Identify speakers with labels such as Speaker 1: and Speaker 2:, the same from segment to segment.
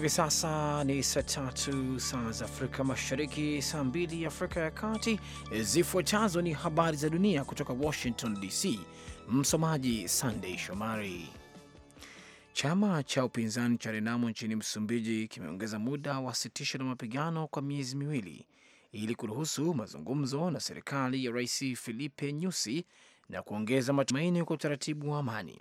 Speaker 1: Hivi sasa ni saa tatu saa za Afrika Mashariki, saa mbili Afrika ya Kati. Zifuatazo ni habari za dunia kutoka Washington DC. Msomaji Sandey Shomari. Chama cha upinzani cha Renamo nchini Msumbiji kimeongeza muda wa sitisho la mapigano kwa miezi miwili ili kuruhusu mazungumzo na serikali ya Rais Filipe Nyusi na kuongeza matumaini kwa utaratibu wa amani.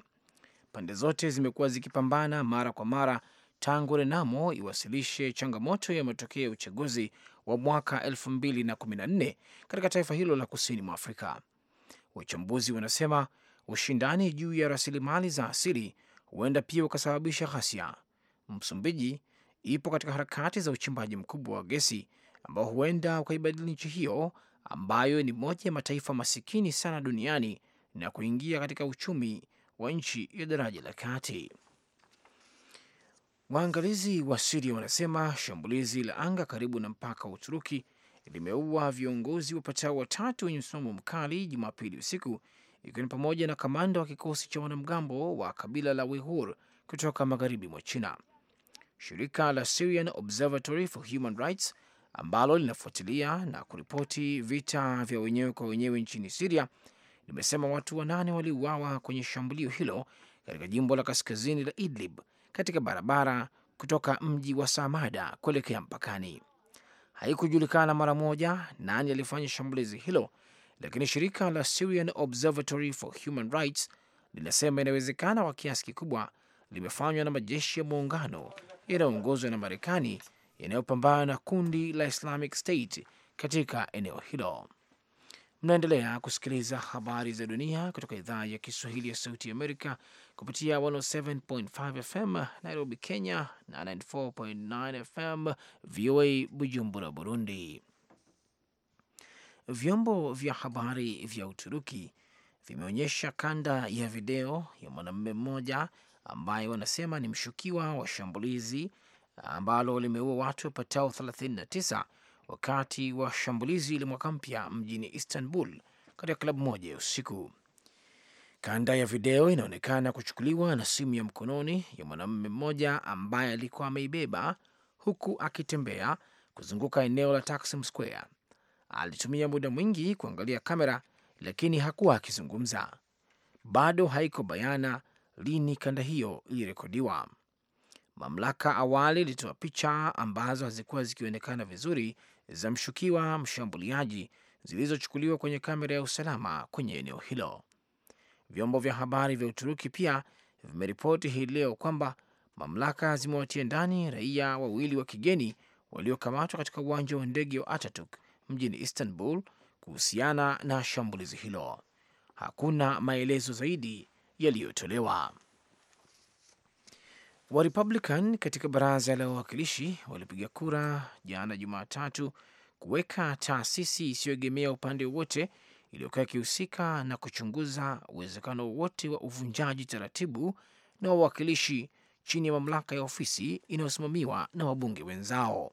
Speaker 1: Pande zote zimekuwa zikipambana mara kwa mara tangu Renamo iwasilishe changamoto ya matokeo ya uchaguzi wa mwaka 2014 katika taifa hilo la kusini mwa Afrika. Wachambuzi wanasema ushindani juu ya rasilimali za asili huenda pia ukasababisha ghasia. Msumbiji ipo katika harakati za uchimbaji mkubwa wa gesi ambao huenda ukaibadili nchi hiyo ambayo ni moja ya mataifa masikini sana duniani na kuingia katika uchumi wa nchi ya daraja la kati. Waangalizi wa Siria wanasema shambulizi la anga karibu na mpaka wa Uturuki limeua viongozi wapatao watatu wenye msimamo mkali Jumapili usiku, ikiwa ni pamoja na kamanda wa kikosi cha wanamgambo wa kabila la Wehur kutoka magharibi mwa China. Shirika la Syrian Observatory for Human Rights ambalo linafuatilia na kuripoti vita vya wenyewe kwa wenyewe nchini Siria limesema watu wanane waliuawa kwenye shambulio hilo katika jimbo la kaskazini la Idlib katika barabara kutoka mji wa Samada kuelekea mpakani. Haikujulikana mara moja nani alifanya shambulizi hilo, lakini shirika la Syrian Observatory for Human Rights linasema inawezekana kwa kiasi kikubwa limefanywa na majeshi ya muungano yanayoongozwa na Marekani yanayopambana na kundi la Islamic State katika eneo hilo. Mnaendelea kusikiliza habari za dunia kutoka idhaa ya Kiswahili ya Sauti ya Amerika kupitia 107.5 FM Nairobi, Kenya na 94.9 FM VOA Bujumbura, Burundi. Vyombo vya habari vya Uturuki vimeonyesha kanda ya video ya mwanamume mmoja ambaye wanasema ni mshukiwa wa shambulizi ambalo limeua watu wapatao wakati wa shambulizi la mwaka mpya mjini Istanbul katika klabu moja ya usiku. Kanda ya video inaonekana kuchukuliwa na simu ya mkononi ya mwanamume mmoja ambaye alikuwa ameibeba huku akitembea kuzunguka eneo la Taksim Square. Alitumia muda mwingi kuangalia kamera, lakini hakuwa akizungumza. Bado haiko bayana lini kanda hiyo ilirekodiwa. Mamlaka awali ilitoa picha ambazo hazikuwa zikionekana vizuri za mshukiwa mshambuliaji zilizochukuliwa kwenye kamera ya usalama kwenye eneo hilo. Vyombo vya habari vya Uturuki pia vimeripoti hii leo kwamba mamlaka zimewatia ndani raia wawili wa kigeni waliokamatwa katika uwanja wa ndege wa Ataturk mjini Istanbul kuhusiana na shambulizi hilo. Hakuna maelezo zaidi yaliyotolewa. Republican katika baraza la wawakilishi walipiga kura jana Jumatatu kuweka taasisi isiyoegemea upande wote iliyokuwa ikihusika na kuchunguza uwezekano wote wa uvunjaji taratibu na wawakilishi chini ya mamlaka ya ofisi inayosimamiwa na wabunge wenzao.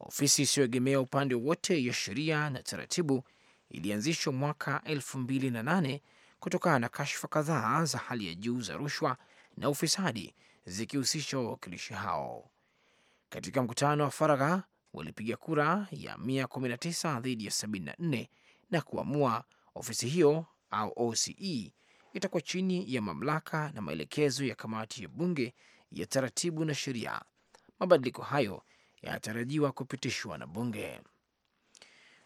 Speaker 1: Ofisi isiyoegemea upande wote ya sheria na taratibu ilianzishwa mwaka 2008 kutokana na kashfa kadhaa za hali ya juu za rushwa na ufisadi zikihusisha wawakilishi hao. Katika mkutano wa faragha walipiga kura ya 119 dhidi ya 74 na kuamua ofisi hiyo au OCE itakuwa chini ya mamlaka na maelekezo ya kamati ya bunge ya taratibu na sheria. Mabadiliko hayo yanatarajiwa kupitishwa na bunge.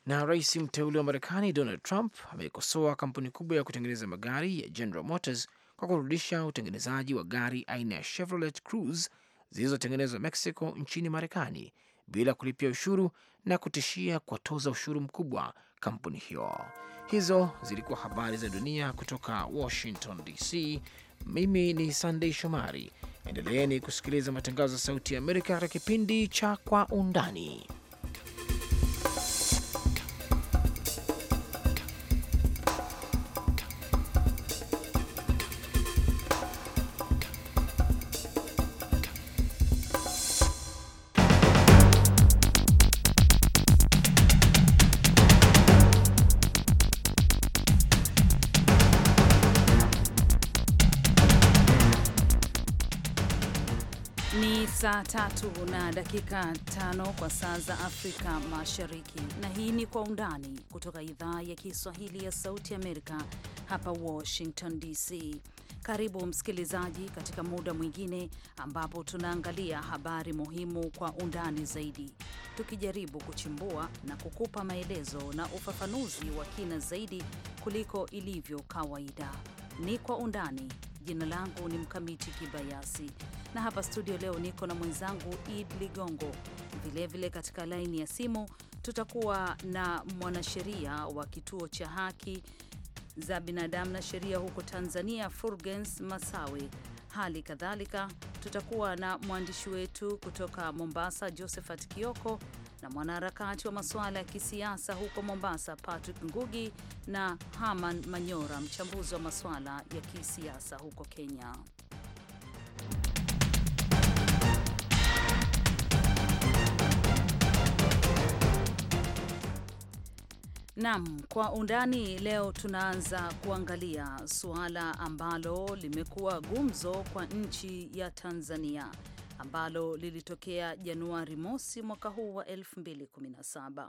Speaker 1: Na rais mteule wa Marekani Donald Trump amekosoa kampuni kubwa ya kutengeneza magari ya General Motors kwa kurudisha utengenezaji wa gari aina ya Chevrolet Cruze zilizotengenezwa Mexico nchini Marekani bila kulipia ushuru na kutishia kuwatoza ushuru mkubwa kampuni hiyo. Hizo zilikuwa habari za dunia kutoka Washington DC. Mimi ni Sandei Shomari. Endeleeni kusikiliza matangazo ya Sauti ya Amerika katika kipindi cha Kwa Undani.
Speaker 2: Saa tatu na dakika tano kwa saa za Afrika Mashariki, na hii ni Kwa Undani kutoka idhaa ya Kiswahili ya Sauti Amerika hapa Washington DC. Karibu msikilizaji, katika muda mwingine ambapo tunaangalia habari muhimu kwa undani zaidi, tukijaribu kuchimbua na kukupa maelezo na ufafanuzi wa kina zaidi kuliko ilivyo kawaida. Ni Kwa Undani. Jina langu ni Mkamiti Kibayasi, na hapa studio leo niko na mwenzangu Id Ligongo. Vilevile katika laini ya simu tutakuwa na mwanasheria wa kituo cha haki za binadamu na sheria huko Tanzania, furgens Masawe. Hali kadhalika tutakuwa na mwandishi wetu kutoka Mombasa, Josephat Kioko na mwanaharakati wa masuala ya kisiasa huko Mombasa, Patrick Ngugi na Haman Manyora, mchambuzi wa masuala ya kisiasa huko Kenya. Naam, kwa undani leo tunaanza kuangalia suala ambalo limekuwa gumzo kwa nchi ya Tanzania ambalo lilitokea Januari mosi mwaka huu wa 2017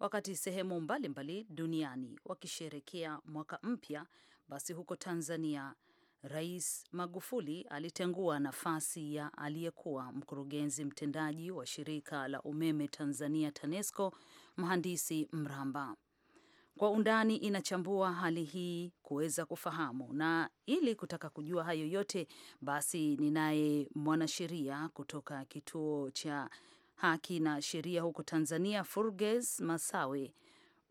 Speaker 2: wakati sehemu mbalimbali mbali duniani wakisherekea mwaka mpya. Basi huko Tanzania, Rais Magufuli alitengua nafasi ya aliyekuwa mkurugenzi mtendaji wa shirika la umeme Tanzania TANESCO, mhandisi Mramba kwa undani inachambua hali hii kuweza kufahamu, na ili kutaka kujua hayo yote, basi ninaye mwanasheria kutoka kituo cha haki na sheria huko Tanzania, Furges Masawe.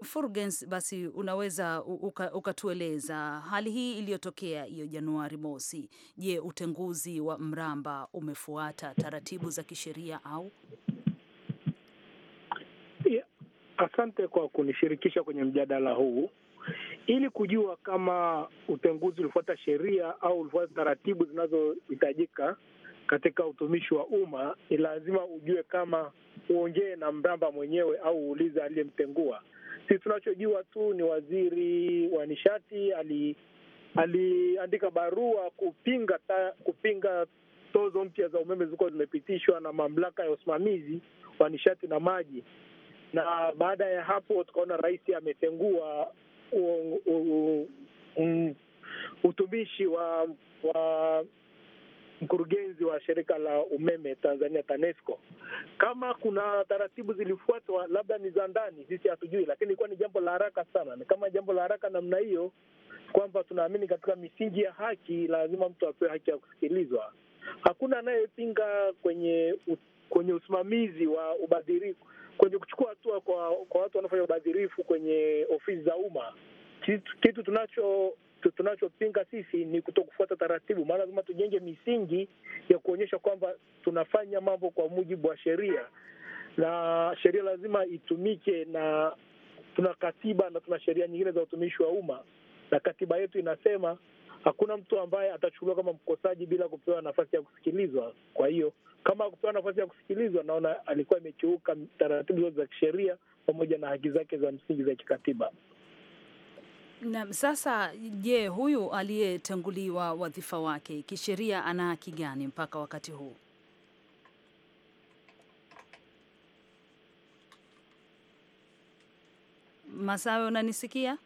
Speaker 2: Furgens, basi unaweza uka, ukatueleza hali hii iliyotokea hiyo Januari mosi. Je, utenguzi wa Mramba umefuata taratibu za kisheria au
Speaker 3: Asante kwa kunishirikisha kwenye mjadala huu. Ili kujua kama utenguzi ulifuata sheria au ulifuata taratibu zinazohitajika katika utumishi wa umma, ni lazima ujue kama uongee na mramba mwenyewe au uulize aliyemtengua. Sisi tunachojua tu ni waziri wa nishati ali aliandika barua kupinga ta, kupinga tozo mpya za umeme zilikuwa zimepitishwa na mamlaka ya usimamizi wa nishati na maji na baada ya hapo tukaona rais ametengua utumishi wa wa mkurugenzi wa shirika la umeme Tanzania TANESCO. Kama kuna taratibu zilifuatwa, labda ni za ndani, sisi hatujui, lakini ilikuwa ni jambo la haraka sana. Ni kama jambo la haraka namna hiyo, kwamba tunaamini katika misingi ya haki, lazima mtu apewe haki ya kusikilizwa. Hakuna anayepinga kwenye kwenye usimamizi wa ubadhirifu kwenye kuchukua hatua kwa, kwa watu wanaofanya ubadhirifu kwenye ofisi za umma. Kitu, kitu tunacho tunachopinga sisi ni kuto kufuata taratibu. Maana lazima tujenge misingi ya kuonyesha kwamba tunafanya mambo kwa mujibu wa sheria, na sheria lazima itumike, na tuna katiba na tuna sheria nyingine za utumishi wa umma, na katiba yetu inasema hakuna mtu ambaye atachukuliwa kama mkosaji bila kupewa nafasi ya kusikilizwa. Kwa hiyo kama akupewa nafasi ya kusikilizwa, naona alikuwa imekiuka taratibu zote za kisheria pamoja na haki zake za msingi za kikatiba.
Speaker 2: Naam, sasa je, huyu aliyetanguliwa wadhifa wake kisheria ana haki gani mpaka wakati huu? Masawe, unanisikia?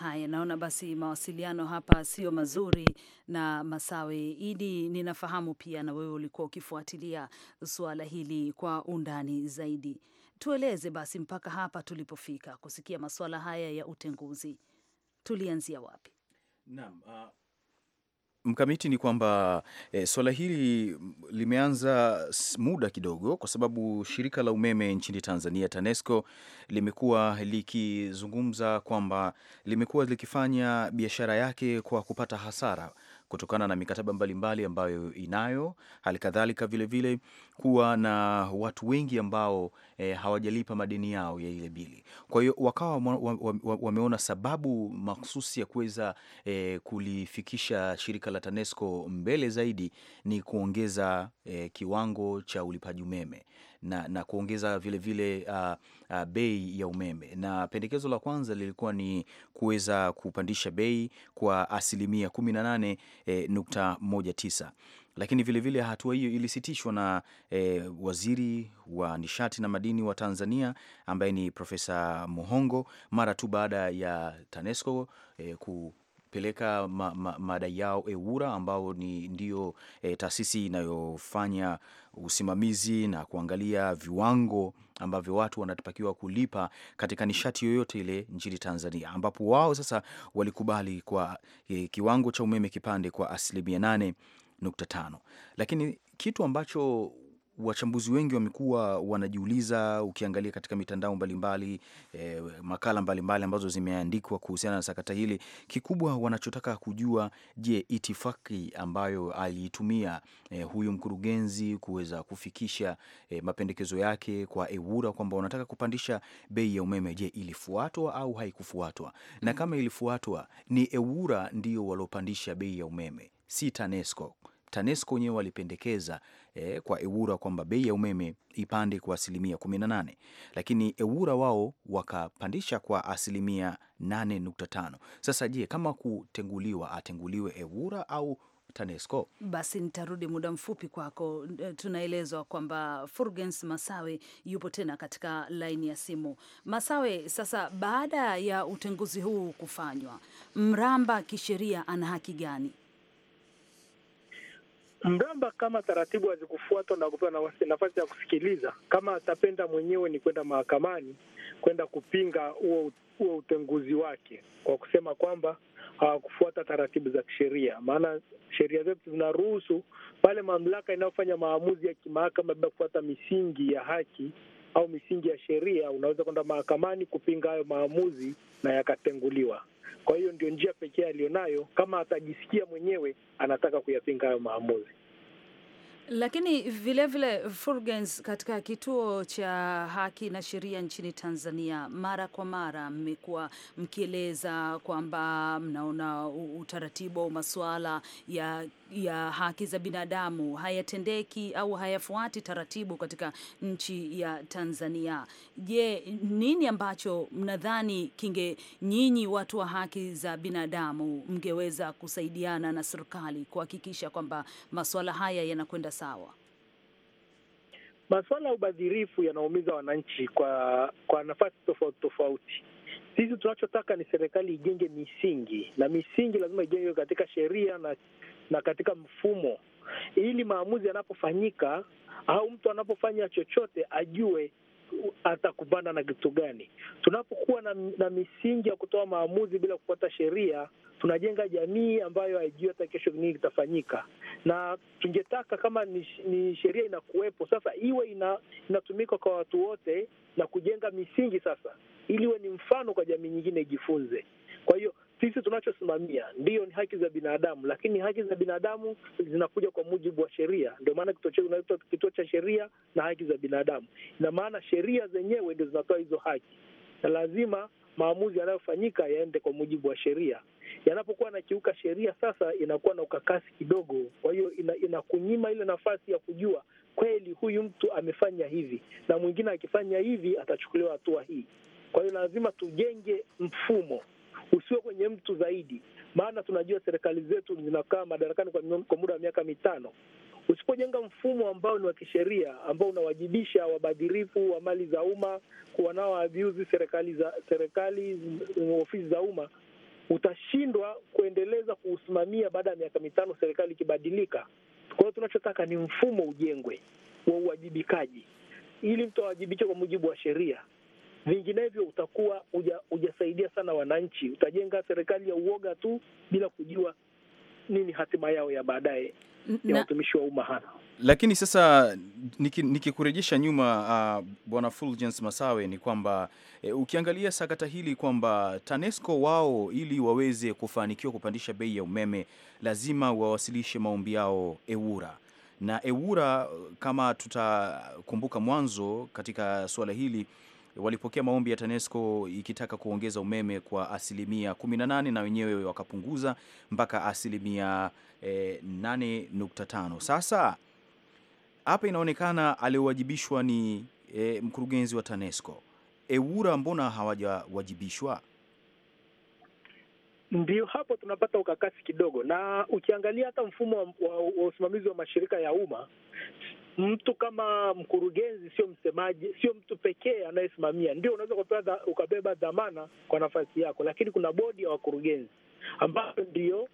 Speaker 2: Haya, naona basi mawasiliano hapa sio mazuri na Masawe Idi, ninafahamu pia na wewe ulikuwa ukifuatilia suala hili kwa undani zaidi. Tueleze basi mpaka hapa tulipofika kusikia masuala haya ya utenguzi, tulianzia wapi? Naam, uh
Speaker 4: mkamiti ni kwamba e, swala hili limeanza muda kidogo, kwa sababu shirika la umeme nchini Tanzania TANESCO limekuwa likizungumza kwamba limekuwa likifanya biashara yake kwa kupata hasara kutokana na mikataba mbalimbali ambayo inayo, hali kadhalika vilevile kuwa na watu wengi ambao e, hawajalipa madeni yao ya ile bili. Kwa hiyo wakawa wameona sababu makhususi ya kuweza e, kulifikisha shirika la TANESCO mbele zaidi ni kuongeza e, kiwango cha ulipaji umeme na, na kuongeza vilevile vile, uh, uh, bei ya umeme. Na pendekezo la kwanza lilikuwa ni kuweza kupandisha bei kwa asilimia 18.19 eh, lakini vilevile hatua hiyo ilisitishwa na eh, waziri wa nishati na madini wa Tanzania ambaye ni Profesa Muhongo mara tu baada ya TANESCO eh, ku kupeleka ma, ma, madai yao EWURA eh, ambao ni ndio e, taasisi inayofanya usimamizi na kuangalia viwango ambavyo watu wanatakiwa kulipa katika nishati yoyote ile nchini Tanzania, ambapo wao sasa walikubali kwa e, kiwango cha umeme kipande kwa asilimia nane nukta tano, lakini kitu ambacho wachambuzi wengi wamekuwa wanajiuliza, ukiangalia katika mitandao mbalimbali e, makala mbalimbali mbali ambazo zimeandikwa kuhusiana na sakata hili. Kikubwa wanachotaka kujua, je, itifaki ambayo aliitumia e, huyu mkurugenzi kuweza kufikisha e, mapendekezo yake kwa EWURA kwamba wanataka kupandisha bei ya umeme, je, ilifuatwa au haikufuatwa? Na mhm. kama ilifuatwa, ni EWURA ndio waliopandisha bei ya umeme, si TANESCO. TANESCO wenyewe walipendekeza eh, kwa Eura kwamba bei ya umeme ipande kwa asilimia 18, lakini Eura wao wakapandisha kwa asilimia 8.5. Sasa je, kama kutenguliwa atenguliwe Eura au TANESCO?
Speaker 2: Basi nitarudi muda mfupi kwako. E, tunaelezwa kwamba Furgens Masawe yupo tena katika laini ya simu. Masawe, sasa baada ya utenguzi huu kufanywa, Mramba kisheria ana haki gani?
Speaker 3: mramba kama taratibu hazikufuatwa na kupewa nafasi ya kusikiliza, kama atapenda mwenyewe ni kwenda mahakamani kwenda kupinga huo huo utenguzi wake kwa kusema kwamba hawakufuata taratibu za kisheria. Maana sheria zetu zinaruhusu pale mamlaka inayofanya maamuzi ya kimahakama bila kufuata misingi ya haki au misingi ya sheria, unaweza kwenda mahakamani kupinga hayo maamuzi na yakatenguliwa. Kwa hiyo ndio njia pekee aliyonayo kama atajisikia mwenyewe anataka kuyapinga hayo maamuzi.
Speaker 2: Lakini vilevile vile Furgens, katika kituo cha haki na sheria nchini Tanzania, mara kwa mara mmekuwa mkieleza kwamba mnaona utaratibu wa masuala ya ya haki za binadamu hayatendeki au hayafuati taratibu katika nchi ya Tanzania. Je, nini ambacho mnadhani kinge nyinyi watu wa haki za binadamu mngeweza kusaidiana na serikali kuhakikisha kwamba masuala haya yanakwenda sawa?
Speaker 3: Masuala ya ubadhirifu yanaumiza wananchi kwa kwa nafasi tofauti tofauti. Sisi tunachotaka ni serikali ijenge misingi, na misingi lazima ijengwe katika sheria na na katika mfumo, ili maamuzi yanapofanyika au mtu anapofanya chochote ajue atakumbana na kitu gani. Tunapokuwa na, na misingi ya kutoa maamuzi bila kufuata sheria, tunajenga jamii ambayo haijui hata kesho nini kitafanyika, na tungetaka kama ni, ni sheria inakuwepo sasa, iwe ina, inatumika kwa watu wote na kujenga misingi sasa, ili iwe ni mfano kwa jamii nyingine ijifunze. Kwa hiyo sisi tunachosimamia ndiyo ni haki za binadamu, lakini haki za binadamu zinakuja kwa mujibu wa sheria. Ndio maana unaitwa kituo cha sheria na haki za binadamu, ina maana sheria zenyewe ndio zinatoa hizo haki, na lazima maamuzi yanayofanyika yaende kwa mujibu wa sheria. Yanapokuwa nakiuka sheria, sasa inakuwa na ukakasi kidogo, kwa hiyo ina, inakunyima ile nafasi ya kujua kweli huyu mtu amefanya hivi na mwingine akifanya hivi atachukuliwa hatua hii. Kwa hiyo lazima tujenge mfumo usiwe kwenye mtu zaidi, maana tunajua serikali zetu zinakaa madarakani kwa, kwa muda wa miaka mitano. Usipojenga mfumo ambao ni wa kisheria ambao unawajibisha wabadhirifu wa mali za umma wanaoabuzi serikali za serikali mm, ofisi za umma, utashindwa kuendeleza kuusimamia baada ya miaka mitano serikali ikibadilika. Kwa hiyo tunachotaka ni mfumo ujengwe wa uwajibikaji, ili mtu awajibike kwa mujibu wa sheria. Vinginevyo utakuwa hujasaidia sana wananchi, utajenga serikali ya uoga tu bila kujua nini hatima yao ya baadaye ya watumishi wa umma hana.
Speaker 4: Lakini sasa nikikurejesha niki nyuma, uh, bwana Fulgence Masawe, ni kwamba e, ukiangalia sakata hili kwamba TANESCO wao ili waweze kufanikiwa kupandisha bei ya umeme lazima wawasilishe maombi yao EWURA na EWURA kama tutakumbuka mwanzo katika suala hili walipokea maombi ya TANESCO ikitaka kuongeza umeme kwa asilimia 18 na wenyewe wakapunguza mpaka asilimia 8.5. Eh, sasa hapa inaonekana aliowajibishwa ni e, mkurugenzi wa TANESCO Ewura, mbona hawajawajibishwa?
Speaker 3: Ndio hapo tunapata ukakasi kidogo, na ukiangalia hata mfumo wa, wa, wa usimamizi wa mashirika ya umma mtu kama mkurugenzi sio msemaji, sio mtu pekee anayesimamia. Ndio unaweza ukabeba dhamana kwa nafasi yako, lakini kuna bodi ya wakurugenzi ambayo ndio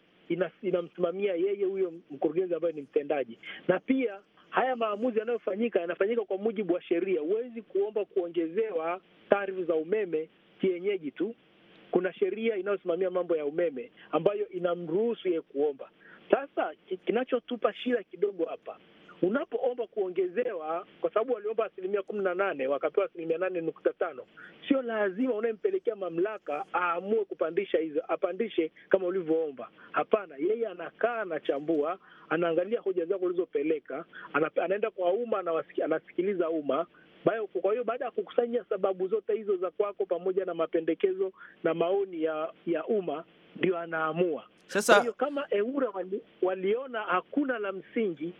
Speaker 3: inamsimamia ina yeye huyo mkurugenzi ambaye ni mtendaji, na pia haya maamuzi yanayofanyika yanafanyika kwa mujibu wa sheria. Huwezi kuomba kuongezewa taarifa za umeme kienyeji tu. Kuna sheria inayosimamia mambo ya umeme ambayo inamruhusu yeye kuomba. Sasa kinachotupa shida kidogo hapa unapoomba kuongezewa, kwa sababu waliomba asilimia kumi na nane wakapewa asilimia nane nukta tano sio lazima unayempelekea mamlaka aamue kupandisha hizo, apandishe kama ulivyoomba. Hapana, yeye anakaa, anachambua, anaangalia hoja zako ulizopeleka, anaenda kwa umma, anasikiliza umma kwa hiyo baada ya kukusanya sababu zote hizo za kwako pamoja na mapendekezo na maoni ya ya umma, ndio anaamua. Sasa kwa hiyo kama EWURA wali, waliona hakuna la msingi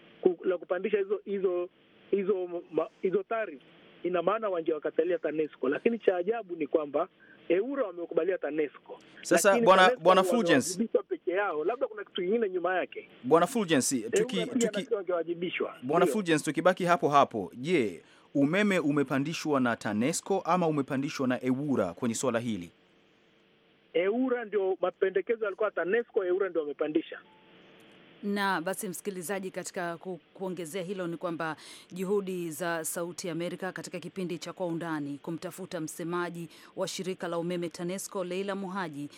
Speaker 3: la kupandisha hizo hizo hizo hizo tarifu, ina maana wakatalia TANESCO, lakini cha ajabu ni kwamba EWURA wamekubalia TANESCO.
Speaker 4: Sasa bwana bwana Fulgence
Speaker 3: peke yao, labda kuna kitu kingine nyuma yake.
Speaker 4: Bwana Fulgence, tuki tuki
Speaker 3: bwana Fulgence,
Speaker 4: tukibaki hapo hapo, je, umeme umepandishwa na TANESCO ama umepandishwa na EWURA kwenye swala hili?
Speaker 3: EURA ndio mapendekezo yalikuwa TANESCO, EURA ndio wamepandisha
Speaker 2: na basi, msikilizaji, katika kuongezea hilo ni kwamba juhudi za Sauti Amerika katika kipindi cha Kwa Undani kumtafuta msemaji wa shirika la umeme TANESCO Leila Muhaji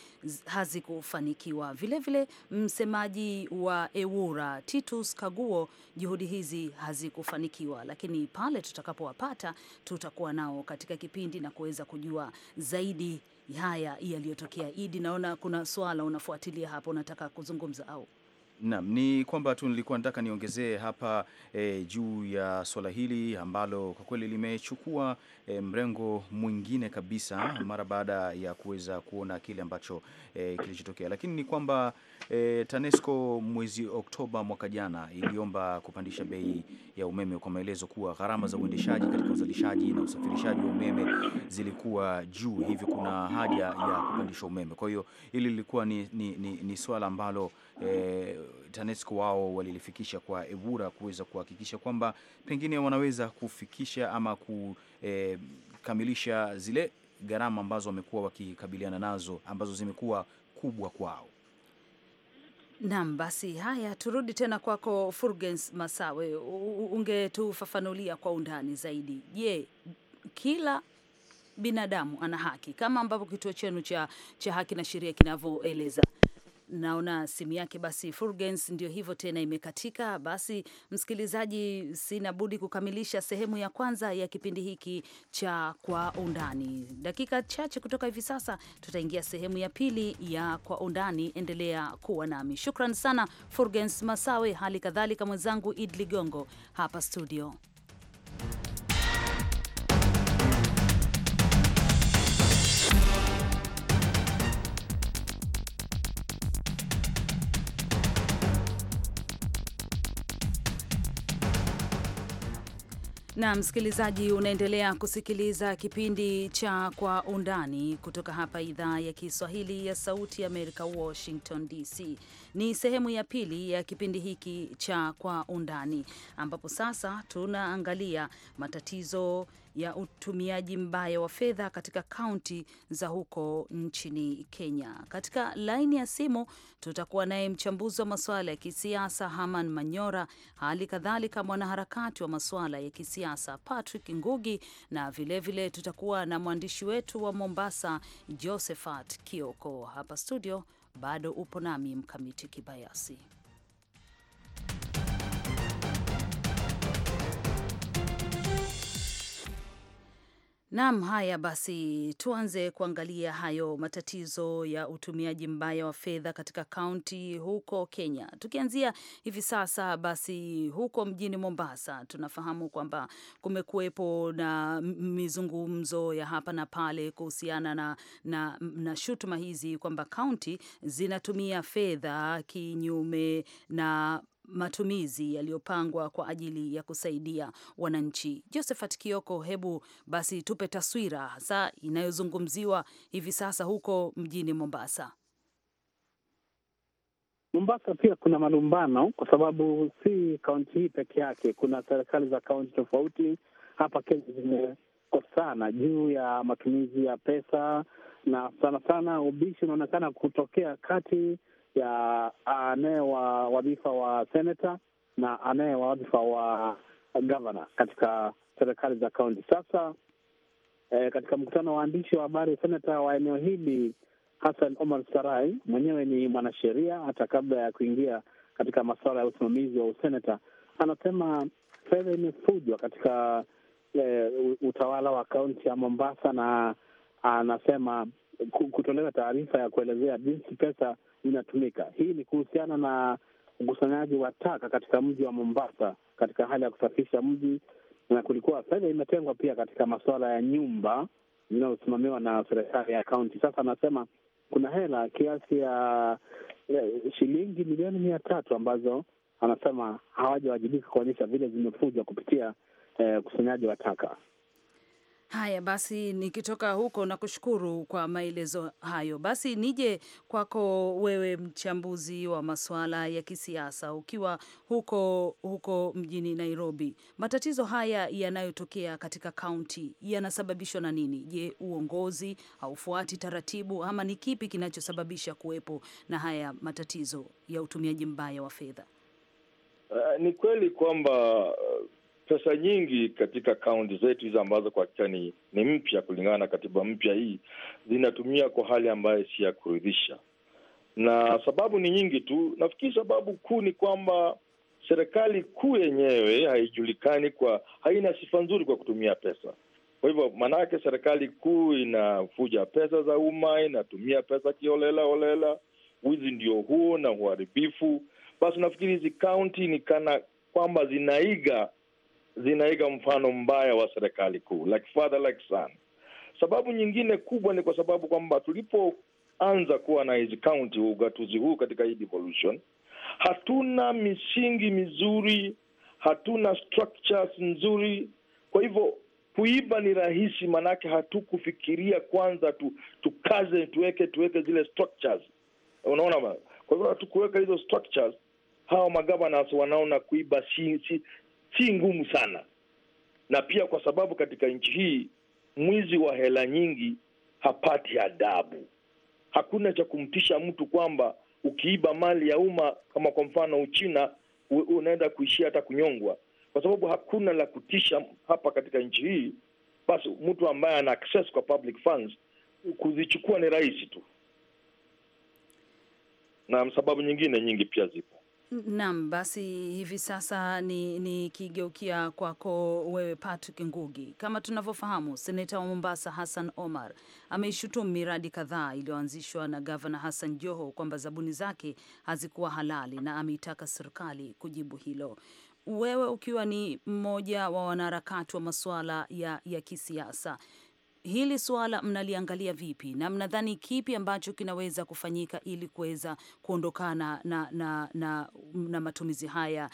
Speaker 2: hazikufanikiwa. Vilevile msemaji wa EWURA Titus Kaguo, juhudi hizi hazikufanikiwa, lakini pale tutakapowapata tutakuwa nao katika kipindi na kuweza kujua zaidi haya yaliyotokea. Idi, naona kuna swala unafuatilia hapo, unataka kuzungumza au?
Speaker 4: Naam, ni kwamba tu nilikuwa nataka niongezee hapa e, juu ya swala hili ambalo kwa kweli limechukua e, mrengo mwingine kabisa mara baada ya kuweza kuona kile ambacho e, kilichotokea, lakini ni kwamba e, TANESCO mwezi Oktoba mwaka jana iliomba kupandisha bei ya umeme kwa maelezo kuwa gharama za uendeshaji katika uzalishaji na usafirishaji wa umeme zilikuwa juu, hivyo kuna haja ya kupandisha umeme. Kwa hiyo hili lilikuwa ni, ni, ni, ni swala ambalo e, TANESCO wao walilifikisha kwa Evura kuweza kuhakikisha kwamba pengine wanaweza kufikisha ama eh, kukamilisha e, zile gharama ambazo wamekuwa wakikabiliana nazo ambazo zimekuwa kubwa kwao.
Speaker 2: Naam, basi haya, turudi tena kwako Furgens Masawe, ungetufafanulia kwa undani zaidi. Je, kila binadamu ana haki kama ambavyo kituo chenu cha, cha haki na sheria kinavyoeleza? naona simu yake basi Furgens, ndio hivyo tena imekatika. Basi msikilizaji, sina budi kukamilisha sehemu ya kwanza ya kipindi hiki cha Kwa Undani. Dakika chache kutoka hivi sasa tutaingia sehemu ya pili ya Kwa Undani. Endelea kuwa nami. Shukran sana Furgens Masawe, hali kadhalika mwenzangu Id Ligongo hapa studio. Na msikilizaji, unaendelea kusikiliza kipindi cha Kwa Undani kutoka hapa idhaa ya Kiswahili ya Sauti ya Amerika, Washington DC. Ni sehemu ya pili ya kipindi hiki cha Kwa Undani, ambapo sasa tunaangalia matatizo ya utumiaji mbaya wa fedha katika kaunti za huko nchini Kenya. Katika laini ya simu tutakuwa naye mchambuzi wa masuala ya kisiasa Haman Manyora, hali kadhalika mwanaharakati wa masuala ya kisiasa Patrick Ngugi, na vilevile vile tutakuwa na mwandishi wetu wa Mombasa Josephat Kioko. Hapa studio bado upo nami Mkamiti Kibayasi. Naam, haya basi, tuanze kuangalia hayo matatizo ya utumiaji mbaya wa fedha katika kaunti huko Kenya, tukianzia hivi sasa. Basi huko mjini Mombasa tunafahamu kwamba kumekuwepo na mizungumzo ya hapa na pale kuhusiana na, na, na shutuma hizi kwamba kaunti zinatumia fedha kinyume na matumizi yaliyopangwa kwa ajili ya kusaidia wananchi. Josephat Kioko, hebu basi tupe taswira hasa inayozungumziwa hivi sasa huko mjini Mombasa.
Speaker 5: Mombasa pia kuna malumbano, kwa sababu si kaunti hii peke yake. Kuna serikali za kaunti tofauti hapa Kenya zimekosana juu ya matumizi ya pesa, na sana sana ubishi unaonekana kutokea kati ya anaye wa wadhifa wa senata na anaye wa wadhifa wa gavana katika serikali za kaunti. Sasa eh, katika mkutano wa waandishi wa habari, senata wa eneo hili Hassan Omar Sarai mwenyewe ni mwanasheria, hata kabla ya kuingia katika masuala ya usimamizi wa useneta, anasema fedha imefujwa katika eh, utawala wa kaunti ya Mombasa, na anasema kutolewa taarifa ya kuelezea jinsi pesa inatumika. Hii ni kuhusiana na ukusanyaji wa taka katika mji wa Mombasa katika hali ya kusafisha mji, na kulikuwa fedha imetengwa pia katika masuala ya nyumba zinazosimamiwa na serikali ya kaunti. Sasa anasema kuna hela kiasi ya shilingi milioni mia tatu ambazo anasema hawajawajibika kuonyesha vile zimefujwa kupitia eh, ukusanyaji wa taka.
Speaker 2: Haya basi, nikitoka huko na kushukuru kwa maelezo hayo. Basi nije kwako wewe, mchambuzi wa masuala ya kisiasa, ukiwa huko huko mjini Nairobi, matatizo haya yanayotokea katika kaunti yanasababishwa na nini? Je, uongozi haufuati taratibu ama ni kipi kinachosababisha kuwepo na haya matatizo ya utumiaji mbaya wa fedha?
Speaker 6: Uh, ni kweli kwamba uh, pesa nyingi katika kaunti zetu hizo ambazo kwa hakika ni, ni mpya kulingana na katiba mpya hii zinatumia kwa hali ambayo si ya kuridhisha, na sababu ni nyingi tu. Nafikiri sababu kuu ni kwamba serikali kuu yenyewe haijulikani kwa, haina sifa nzuri kwa kutumia pesa. Kwa hivyo maanake serikali kuu inafuja pesa za umma, inatumia pesa kiholela holela. Wizi ndio huo na uharibifu. Basi nafikiri hizi kaunti ni kana kwamba zinaiga zinaiga mfano mbaya wa serikali kuu, like father like son. Sababu nyingine kubwa ni kwa sababu kwamba tulipoanza kuwa na hizi kaunti, ugatuzi huu katika hii devolution, hatuna misingi mizuri, hatuna structures nzuri, kwa hivyo kuiba ni rahisi, maanake hatukufikiria kwanza tu, tukaze tuweke tuweke zile structures, unaona. Kwa hivyo hatukuweka hizo structures, hawa magovernors wanaona kuiba si, si, si ngumu sana, na pia kwa sababu katika nchi hii mwizi wa hela nyingi hapati adabu. Hakuna cha kumtisha mtu kwamba ukiiba mali ya umma kama kwa mfano Uchina, unaenda kuishia hata kunyongwa, kwa sababu hakuna la kutisha hapa katika nchi hii. Basi mtu ambaye ana access kwa public funds kuzichukua ni rahisi tu, na sababu nyingine nyingi pia zipo.
Speaker 2: Naam, basi hivi sasa ni ni kwako wewe Patrick Ngugi. Kama tunavyofahamu, seneta wa Mombasa Hassan Omar ameishutumu miradi kadhaa iliyoanzishwa na gavana Hassan Joho kwamba zabuni zake hazikuwa halali na ameitaka serikali kujibu hilo. Wewe ukiwa ni mmoja wa wanaharakati wa masuala ya, ya kisiasa hili suala mnaliangalia vipi na mnadhani kipi ambacho kinaweza kufanyika ili kuweza kuondokana na, na, na, na matumizi haya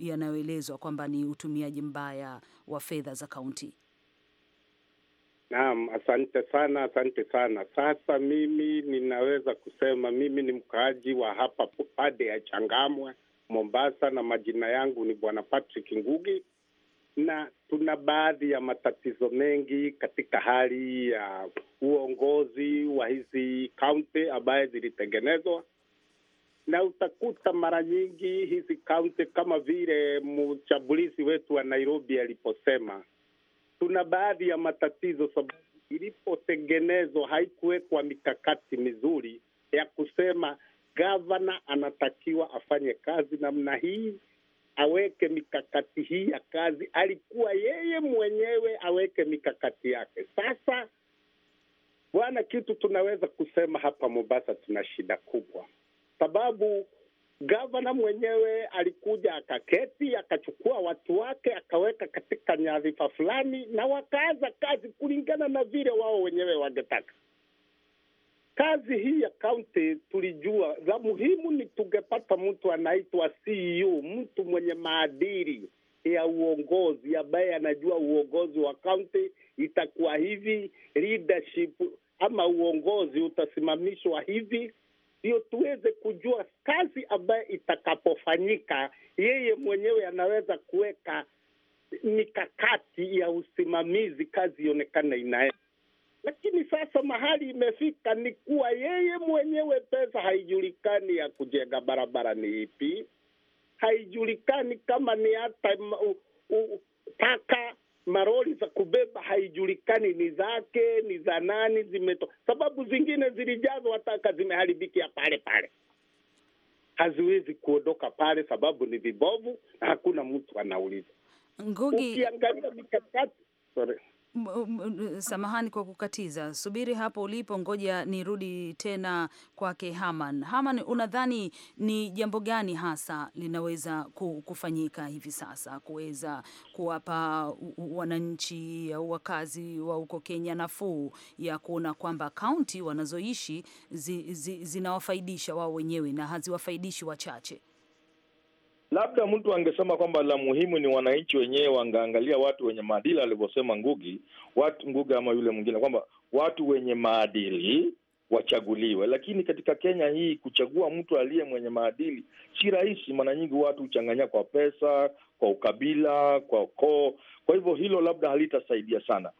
Speaker 2: yanayoelezwa kwamba ni utumiaji mbaya wa fedha za kaunti?
Speaker 7: Naam, asante sana, asante sana. Sasa mimi ninaweza kusema mimi ni mkaaji wa hapa pade ya Changamwe, Mombasa, na majina yangu ni Bwana Patrick Ngugi na tuna baadhi ya matatizo mengi katika hali ya uongozi wa hizi kaunti ambaye zilitengenezwa, na utakuta mara nyingi hizi kaunti kama vile mchambulizi wetu wa Nairobi aliposema, tuna baadhi ya matatizo sababu ilipotengenezwa haikuwekwa mikakati mizuri ya kusema gavana anatakiwa afanye kazi namna hii aweke mikakati hii ya kazi, alikuwa yeye mwenyewe aweke mikakati yake. Sasa bwana, kitu tunaweza kusema hapa Mombasa tuna shida kubwa, sababu gavana mwenyewe alikuja akaketi, akachukua watu wake, akaweka katika nyadhifa fulani, na wakaanza kazi kulingana na vile wao wenyewe wangetaka. Kazi hii ya kaunti tulijua, la muhimu ni tungepata mtu anaitwa CEO, mtu mwenye maadili ya uongozi ambaye anajua uongozi wa kaunti itakuwa hivi, leadership ama uongozi utasimamishwa hivi, ndio tuweze kujua kazi ambayo itakapofanyika, yeye mwenyewe anaweza kuweka mikakati ya usimamizi, kazi ionekane inaenda lakini sasa mahali imefika ni kuwa yeye mwenyewe pesa haijulikani ya kujenga barabara ni ipi, haijulikani kama ni hata taka maroli za kubeba haijulikani ni zake ni za nani, zimeto sababu zingine zilijazwa taka zimeharibikia pale pale, haziwezi kuondoka pale sababu ni vibovu na hakuna mtu anauliza.
Speaker 2: Ngugi, ukiangalia mikakati sorry Samahani kwa kukatiza, subiri hapo ulipo, ngoja nirudi tena kwake Haman. Haman, unadhani ni jambo gani hasa linaweza kufanyika hivi sasa kuweza kuwapa wananchi au wakazi wa huko Kenya nafuu ya kuona kwamba kaunti wanazoishi zi, zi, zinawafaidisha wao wenyewe na haziwafaidishi wachache?
Speaker 6: Labda mtu angesema kwamba la muhimu ni wananchi wenyewe wangeangalia watu wenye maadili, alivyosema Ngugi, watu Ngugi ama yule mwingine, kwamba watu wenye maadili wachaguliwe. Lakini katika Kenya hii kuchagua mtu aliye mwenye maadili si rahisi. Mara nyingi watu huchanganya kwa pesa, kwa ukabila, kwa koo Kwa hivyo hilo labda halitasaidia sana.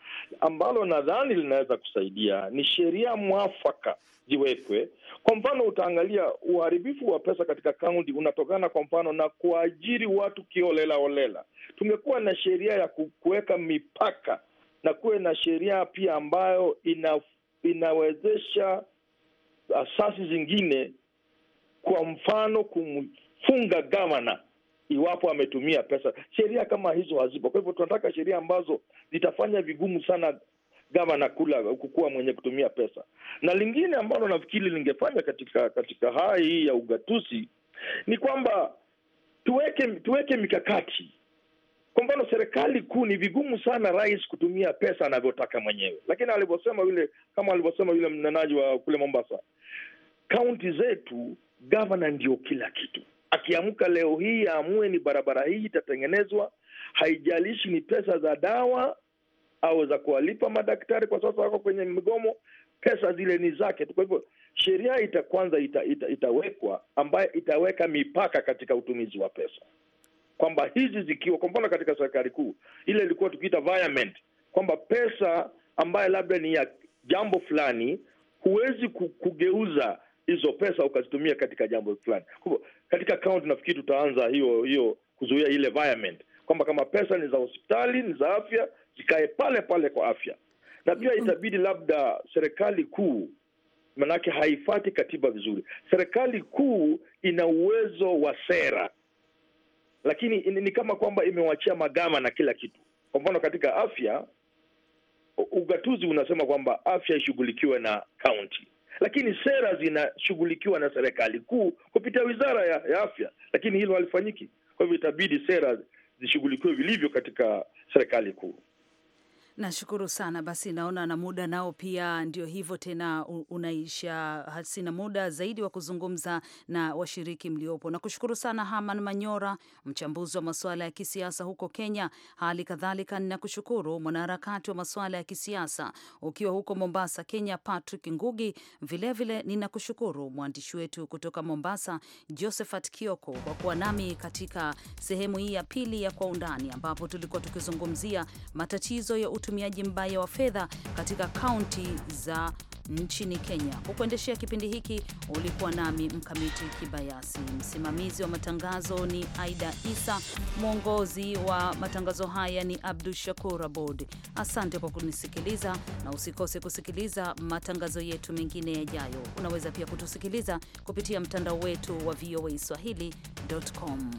Speaker 6: Ambalo nadhani linaweza kusaidia ni sheria mwafaka ziwekwe. Kwa mfano, utaangalia uharibifu wa pesa katika kaunti unatokana kwa mfano na kuajiri watu kiolelaolela. Tungekuwa na sheria ya kuweka mipaka na kuwe na sheria pia ambayo ina, inawezesha asasi zingine, kwa mfano kumfunga gavana iwapo ametumia pesa. Sheria kama hizo hazipo. Kwa hivyo tunataka sheria ambazo zitafanya vigumu sana gavana kula kukuwa mwenye kutumia pesa. Na lingine ambalo nafikiri lingefanya katika katika hali hii ya ugatuzi ni kwamba tuweke tuweke mikakati. Kwa mfano, serikali kuu ni vigumu sana rais kutumia pesa anavyotaka mwenyewe, lakini alivyosema yule, kama alivyosema yule mnenaji wa kule Mombasa, kaunti zetu gavana ndio kila kitu akiamka leo hii aamue ni barabara hii itatengenezwa, haijalishi ni pesa za dawa au za kuwalipa madaktari, kwa sasa wako kwenye mgomo, pesa zile ni zake tu. Kwa hivyo sheria ita kwanza ita, ita, itawekwa ambayo itaweka mipaka katika utumizi wa pesa, kwamba hizi zikiwa kwa mfano katika serikali kuu ile ilikuwa tukiita kwamba pesa ambayo labda ni ya jambo fulani huwezi kugeuza hizo pesa ukazitumia katika jambo fulani. Kwa katika kaunti nafikiri tutaanza hiyo hiyo kuzuia ile environment kwamba kama pesa ni za hospitali ni za afya zikae pale pale kwa afya, na pia itabidi labda serikali kuu, manake haifati katiba vizuri. Serikali kuu ina uwezo wa sera, lakini ni kama kwamba imewachia magama na kila kitu. Kwa mfano katika afya, ugatuzi unasema kwamba afya ishughulikiwe na kaunti lakini sera zinashughulikiwa na serikali kuu kupitia wizara ya, ya afya, lakini hilo halifanyiki. Kwa hivyo itabidi sera zishughulikiwe vilivyo katika serikali kuu.
Speaker 2: Nashukuru sana. Basi naona na muda nao pia ndio hivyo tena, unaisha. Sina muda zaidi wa kuzungumza na washiriki mliopo. Nakushukuru sana Haman Manyora, mchambuzi wa masuala ya kisiasa huko Kenya. Hali kadhalika ninakushukuru mwanaharakati wa masuala ya kisiasa ukiwa huko Mombasa, Kenya, Patrick Ngugi. Vilevile ninakushukuru mwandishi wetu kutoka Mombasa, Josephat Kioko, kwa kuwa nami katika sehemu hii ya pili ya Kwa Undani, ambapo tulikuwa tukizungumzia matatizo ya utu utumiaji mbaya wa fedha katika kaunti za nchini Kenya. kwa kuendeshea kipindi hiki ulikuwa nami Mkamiti Kibayasi. Msimamizi wa matangazo ni Aida Isa, mwongozi wa matangazo haya ni Abdu Shakur Abod. Asante kwa kunisikiliza, na usikose kusikiliza matangazo yetu mengine yajayo. Unaweza pia kutusikiliza kupitia mtandao wetu wa VOA swahili.com.